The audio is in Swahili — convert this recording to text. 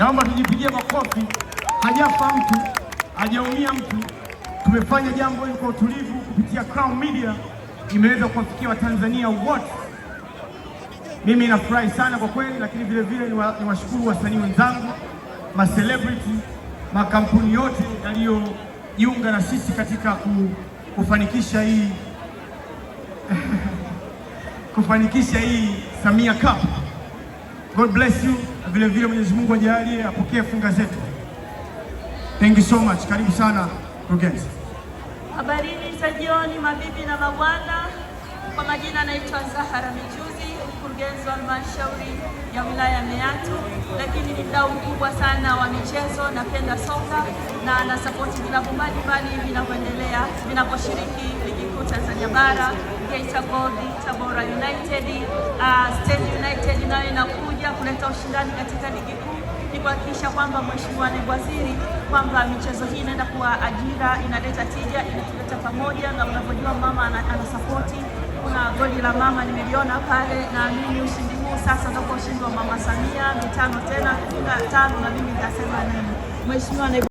Naomba tujipigie makofi. Hajafa mtu, hajaumia mtu. Tumefanya jambo hili kwa utulivu kupitia Crown Media, imeweza kuwafikia Watanzania wote. Mimi nafurahi sana kwa kweli, lakini vile vile niwashukuru wasanii wenzangu, ma celebrity, makampuni yote yaliyojiunga na sisi katika kufanikisha hii kufanikisha hii Samia Cup. God bless you vile vile Mwenyezi Mungu ajalie apokee funga zetu. Thank you so much. Karibu sana mkurugenzi. Habarini za jioni, mabibi na mabwana, kwa majina naitwa Zahara Michuzi, mkurugenzi wa halmashauri ya wilaya Meatu, lakini ni mdau mkubwa sana wa michezo. Napenda soka na na nasapoti vilabu mbalimbali vinavyoendelea vinavyoshiriki ligi kuu Tanzania Bara, Geita Gold, Tabora United, uh, Stadium United nayo inakuja kuleta ushindani katika ligi kuu, ni kuhakikisha kwamba Mheshimiwa Naibu Waziri kwamba michezo hii inaenda kuwa ajira, inaleta tija, inatuleta pamoja, na unavyojua mama anasapoti ana kuna goli la mama nimeliona pale, na mimi ushindi huu sasa ndio ushindi wa Mama Samia, mitano tena kufunga tano, na mimi nitasema nini, Mheshimiwa Naibu